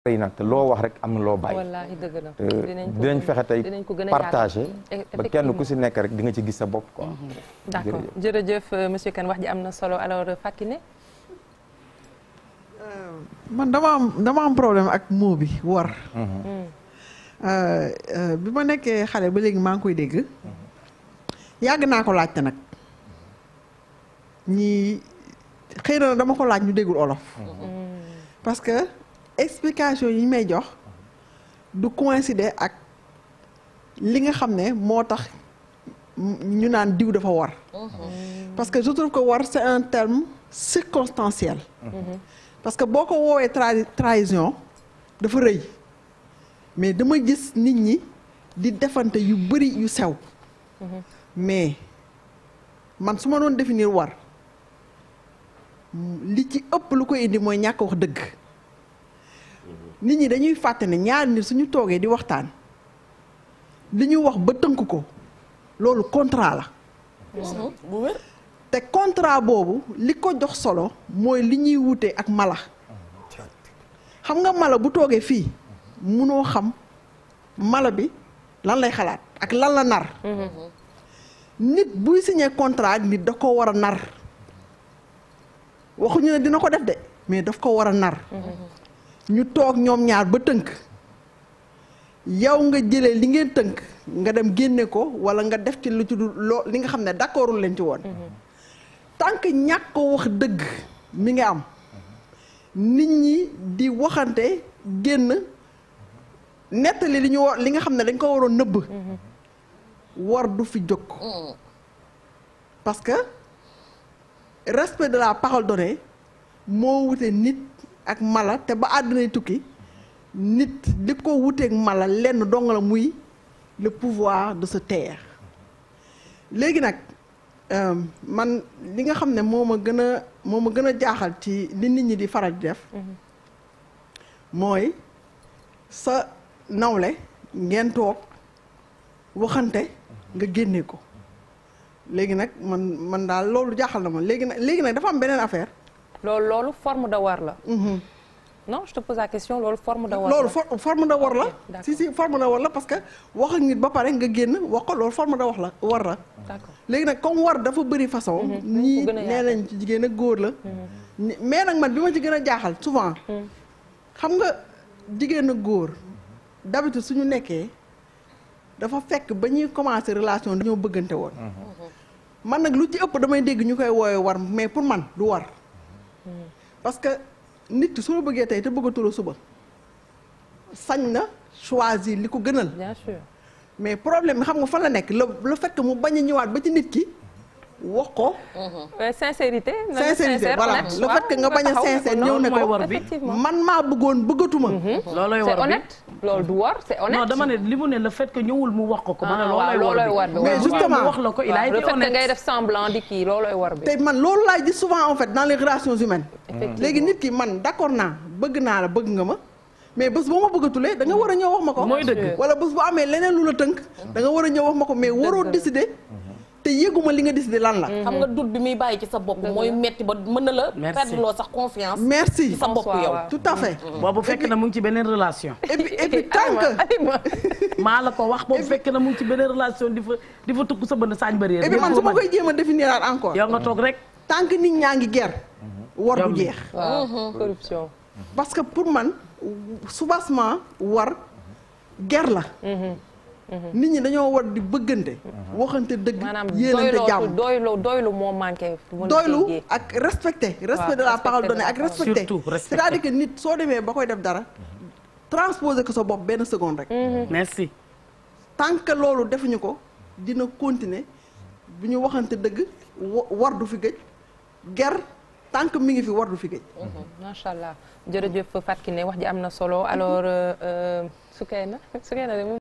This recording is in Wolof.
tey nag te loo wax rek am na loo bàyyi. wallaahi dëgg la dinañ fexe tey partagé ba kenn ku si nekk rek di nga ci gis sa bopp quoi. d' mhm. accord jërëjëf euh, monsieur Kane wax ji am na solo alors euh, Fakiné. Euh, man dama am dama am problème ak mot bi war. Mhm. Mm. bi ma nekkee xale ba léegi maa ngi koy dégg. Mhm. yàgg naa ko laajte nag. ñii xëy na dama ko laaj ñu déggul olof. Mm. parce explication yi may jox du coïncider ak li nga xam ne moo tax ñu naan diw dafa war mhm. parce que je trouve que war c'est un terme circonstanciel mhm. parce que boo ko woowee trahison dafa rëy mais dama gis nit ñi di defante yu bëri yu sew mhm. mais man su ma doon définir war li ci ëpp lu ko indi mooy ñàkk wax dëgg nit ñi dañuy fàtte ne ñaari nit suñu toogee di waxtaan li ñu wax ba tënk ko loolu contrat la. te contrat boobu li ko jox solo mooy li ñuy wute ak mala. xam nga mala bu toogee fii munoo xam mala bi lan lay xalaat ak lan la nar. nit buy signé contrat nit da ko war a nar waxuñu ne dina ko def de mais daf ko war a nar. ñu toog ñoom ñaar ba tënk yow nga jële li ngeen tënk nga dem génne ko wala nga def ci lu ci loo li nga xam ne d'accordul leen ci woon mhm. tant que ñàkk wax dëgg mi ngi am nit ñi di waxante génn nettali li ñu war li nga xam ne dañ ko waroon nëbb mhm. war du fi jóg mm. parce que respect de la parole donnée moo wute nit ak mala te ba àddunay tukki nit li ko wuteeg mala lenn dong muy le pouvoir de se taire léegi nag euh, man li nga xam ne moo ma gën a moo ma gën a jaaxal ci li nit ñi di faral di def mhm. mooy sa nawle ngeen waxante nga génne ko léegi nag man man daal loolu jaaxal na ma léegi nag léegi nag dafa am beneen affaire loolu loolu forme de war la. Mhm. non je te pose la question loolu forme de war la forme de war la. si si forme de war la parce que wax ak nit ba pare nga génn wax ko loolu forme da wax la war la. d'accord léegi nag comme war dafa bëri façon. Mhm. ñii nee nañ ci jigéen ak góor la. Mhm. mais nag man bi ma ci gën a jaaxal souvent. xam nga jigéen ak góor d'habitude suñu nekkee dafa fekk ba ñuy commencer relation dañoo bëggante woon. man nag lu ci ëpp damay dégg ñu koy woowee war mais pour man du war. parce que nit su ma bëggee tey te bëggatula suba sañ na choisir li ko gënal. bien sûr mais problème bi xam nga fan la nekk le le fekk mu bañ a ñëwaat ba ci nit ki. wax ko. sincérité. sincérité voilà le fait que nga bañ a sincère ñëw ne ko man maa bëggoon bëggatuma. Mhm. loolooy war bi c'est honnête. loolu du war c'est honnête. non dama li mu ne le fait que ñëwul mu wax ko ko. ah waaw loolooy war bi mais justement wax la ko il a été honnête ngay def semblant di kii loolooy war bi. te man loolu laay gis souvent en fait dans les relations humaines. léegi nit ki man d'accord naa bëgg naa la bëgg nga ma. mais bés boo ma bëggatulee da war a ñëw wax ma ko. mooy dëgg wala bés bu amee leneen lu la tënk. da nga a ñëw wax ma ko mais waroo décider. Mhm. te yëguma li nga décidé lan la. Mm-hmm. xam nga doute bi muy bàyyi ci sa bopp. mooy metti ba mën na la. merci loo sax confiance. merci sa bopp yow. tout à fait. Mm-hmm. boobu fekk na mu ngi ci beneen relation. et puis et puis maa la ko wax boobu fekk na mu ngi ci beneen relation di fa di fa tukk sa bënn saañ ba réer. et puis man su ma koy a nga toog rek. tant nit ñaa ngi ger. Mm-hmm. war du jeex. corruption. parce que pour man soubassement war ger la. Mhm. nit ñi dañoo war di bëggante. Mhm. waxante dëgg. yéenante jàmm doylu doylu moo manqué. doylu ak respecté. respect de ak respecté. surtout respecté cest à nit soo demee koy def dara. Mhm. transposer ko sa bopp benn seconde rek. merci. tant que loolu defuñu ko dina continuer bu ñu waxante dëgg war du fi gëj ger tant que mi ngi fi war du fi gëj. macha allah jërëjëf Fatou Kiné wax ji am na solo alors euh, euh, Soukeyna Soukeyna